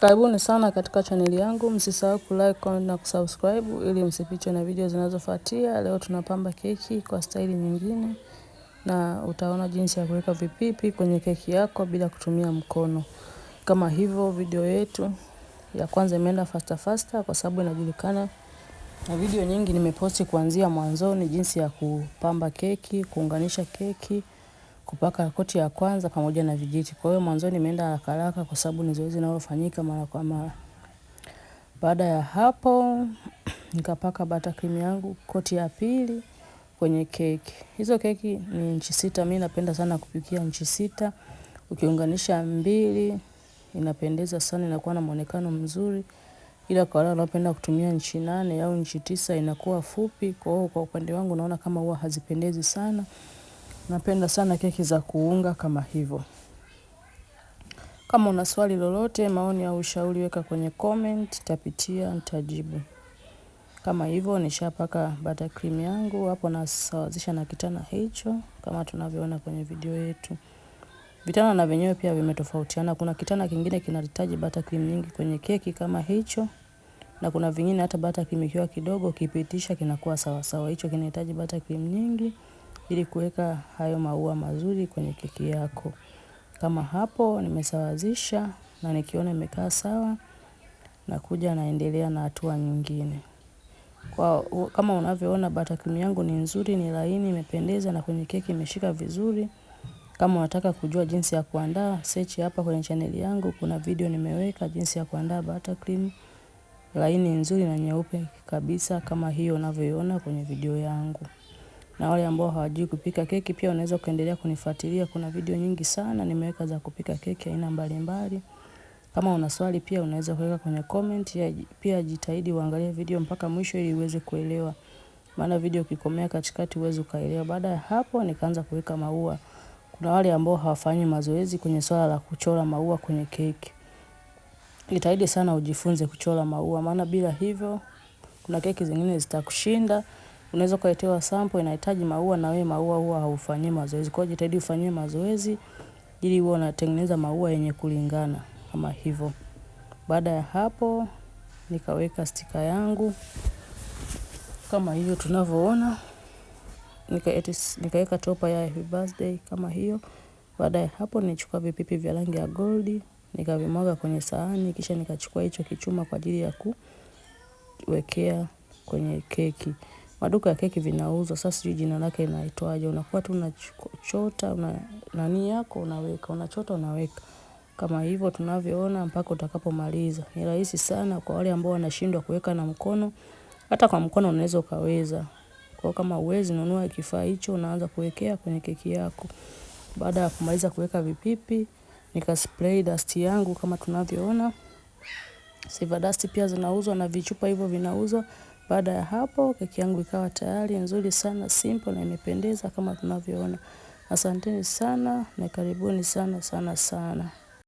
Karibuni sana katika chaneli yangu, msisahau like, comment na kusubscribe ili msipitwe na video zinazofuatia. Leo tunapamba keki kwa staili nyingine na utaona jinsi ya kuweka vipipi kwenye keki yako bila kutumia mkono. Kama hivyo video yetu ya kwanza imeenda fasta fasta kwa sababu inajulikana na video nyingi nimeposti kuanzia mwanzoni jinsi ya kupamba keki, kuunganisha keki kupaka koti ya kwanza pamoja na vijiti. Kwa hiyo mwanzo nimeenda haraka haraka kwa sababu ni zoezi linalofanyika mara kwa mara. Baada ya hapo nikapaka bata cream yangu koti ya pili kwenye keki. Hizo keki ni inchi sita, mimi napenda sana kupikia inchi sita. Ukiunganisha mbili inapendeza sana, inakuwa na muonekano mzuri, ila kwa wale wanaopenda kutumia inchi nane au inchi tisa inakuwa fupi. Kwa hiyo kwa upande wangu naona kama huwa hazipendezi sana. Napenda sana keki za kuunga kama hivyo. Kama una swali lolote, maoni au ushauri weka kwenye comment, tapitia nitajibu. Kama hivyo, nishapaka butter cream yangu, hapo nasawazisha na kitana hicho, kama tunavyoona kwenye video yetu. Vitana na vyenyewe pia vimetofautiana. Kuna kitana kingine kinahitaji butter cream nyingi kwenye keki kama hicho. Na kuna vingine hata butter cream ikiwa kidogo, ukipitisha kinakuwa sawasawa. Hicho kinahitaji butter cream nyingi ili kuweka hayo maua mazuri kwenye keki yako. Kama hapo nimesawazisha na nikiona imekaa sawa nakuja naendelea na hatua nyingine. Kwa, Kama unavyoona bata yangu ni nzuri ni laini imependeza na kwenye keki imeshika vizuri. Kama unataka kujua jinsi ya kuandaa search hapa kwenye chaneli yangu kuna video nimeweka jinsi ya kuandaa bata krimu laini nzuri na nyeupe kabisa kama hiyo unavyoiona kwenye video yangu na wale ambao hawajui kupika keki pia unaweza ukaendelea kunifuatilia. Kuna video nyingi sana nimeweka za kupika keki aina mbalimbali. Kama una swali pia unaweza kuweka kwenye comment, ya, pia jitahidi uangalie video mpaka mwisho ili uweze kuelewa. Maana video ukikomea katikati uweze ukaelewa. Baada ya hapo nikaanza kuweka maua. Kuna wale ambao hawafanyi mazoezi kwenye swala la kuchora maua kwenye keki. Jitahidi sana ujifunze kuchora maua maana bila hivyo kuna keki zingine zitakushinda unaweza kuletewa sample inahitaji maua na wewe maua huwa haufanyii mazoezi. Kwa hiyo jitahidi ufanyie mazoezi ili uwe unatengeneza maua yenye kulingana kama hivyo. Baada ya hapo nikaweka stika yangu kama hiyo tunavyoona. Nikaweka topa ya happy birthday kama hiyo. Baada ya hapo nilichukua vipipi vya rangi ya goldi nikavimwaga kwenye sahani kisha nikachukua hicho kichuma kwa ajili ya kuwekea kwenye keki maduka ya keki vinauzwa, sasa sijui jina lake inaitwaje. Unakuwa tu unachota una, nani yako unaweka, unachota unaweka kama hivyo tunavyoona mpaka utakapomaliza. Ni rahisi sana kwa wale ambao wanashindwa kuweka na mkono, hata kwa mkono unaweza ukaweza. Kwa kama uwezi nunua kifaa hicho, unaanza kuwekea kwenye keki yako. Baada ya kumaliza kuweka vipipi, nika spray dust yangu kama tunavyoona. Siva dust pia zinauzwa na vichupa hivyo vinauzwa. Baada ya hapo keki yangu ikawa tayari nzuri sana simple na imependeza kama tunavyoona. Asanteni sana na karibuni sana sana sana.